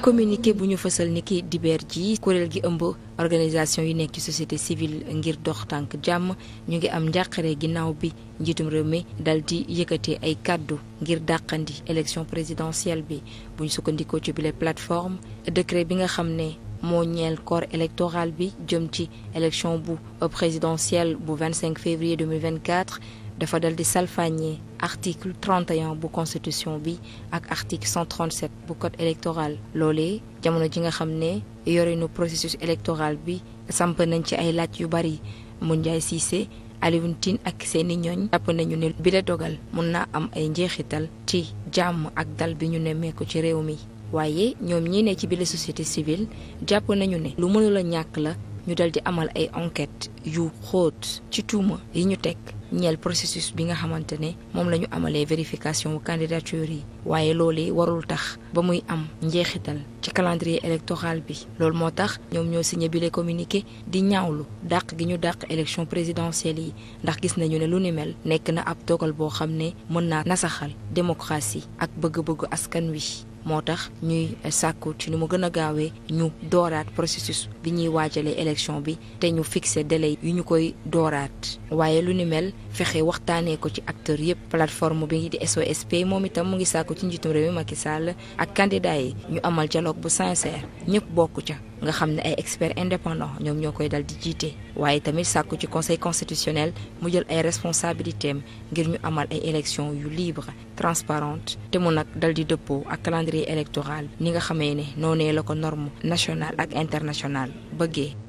communiqué bu ñu fësal ni ki dibeer ji kuréel gi ëmb organisation yi nekk ci société civile ngir dox tànk jàmm ñu ngi am njàqare ginnaaw bi njiitum réew mi dal di yëkkatee ay kàddu ngir dàqandi élection présidentielle bi bu ñu sukkandikoo ci bile plateforme décret bi nga xam ne moo ñeel corps électoral bi jëm ci élection bu présidentielle bu 25 février 2024 dafa dal di salfaañee article 31 bu constitution bi ak article 137 bu code électoral loolee jamono ji nga xam ne yore nu processus électoral bi samp nañ ci ay laaj yu bari mu Cissé Alioune Tine ak seeni ñooñ jàpp nañu ne bi la dogal mun naa am ay njeexital ci jàmm ak dal bi ñu nemmeeku ci réew mi waaye ñoom ñi ne ci bile société civile jàpp nañu ne lu mënula ñàkk la ñu dal di amal ay enquête yu xóot ci tuuma yi ñu teg ñeel processus bi nga xamante ne moom la ñu amalee vérification candidature yi waaye loolee warul tax ba muy am njeexital ci calendrier électoral bi loolu moo tax ñoom ñoo signé bile communiqué di ñaawlu dàq gi ñu dàq élection présidentielle yi ndax gis nañu ne lu ni mel nekk na ab dogal boo xam ne mën naa nasaxal démocratie ak bëgg-bëggu askan wi moo tax ñuy sàkku ci ni mu gën a gaawee ñu dooraat processus bi ñuy waajalee élection bi te ñu fixé délai yu ñu koy dooraat waaye lu ni mel fexe waxtaanee ko ci acteur yëpp plateforme bi di SOSP moom itam mu ngi sàkku ci njiitum réew mi Macky Sall ak candidat yi ñu amal dialogue bu sincère ñëpp bokk ca nga xam ne ay experts indépendant ñoom ñoo koy dal di jiite waaye tamit sàkku ci conseil constitutionnel mu jël ay responsabilités ngir ñu amal ay élections yu libre transparente te mu nag dal di dëppoo ak calendrier électorale ni nga xamee ni noonee la ko norme nationale ak internationale bëggee.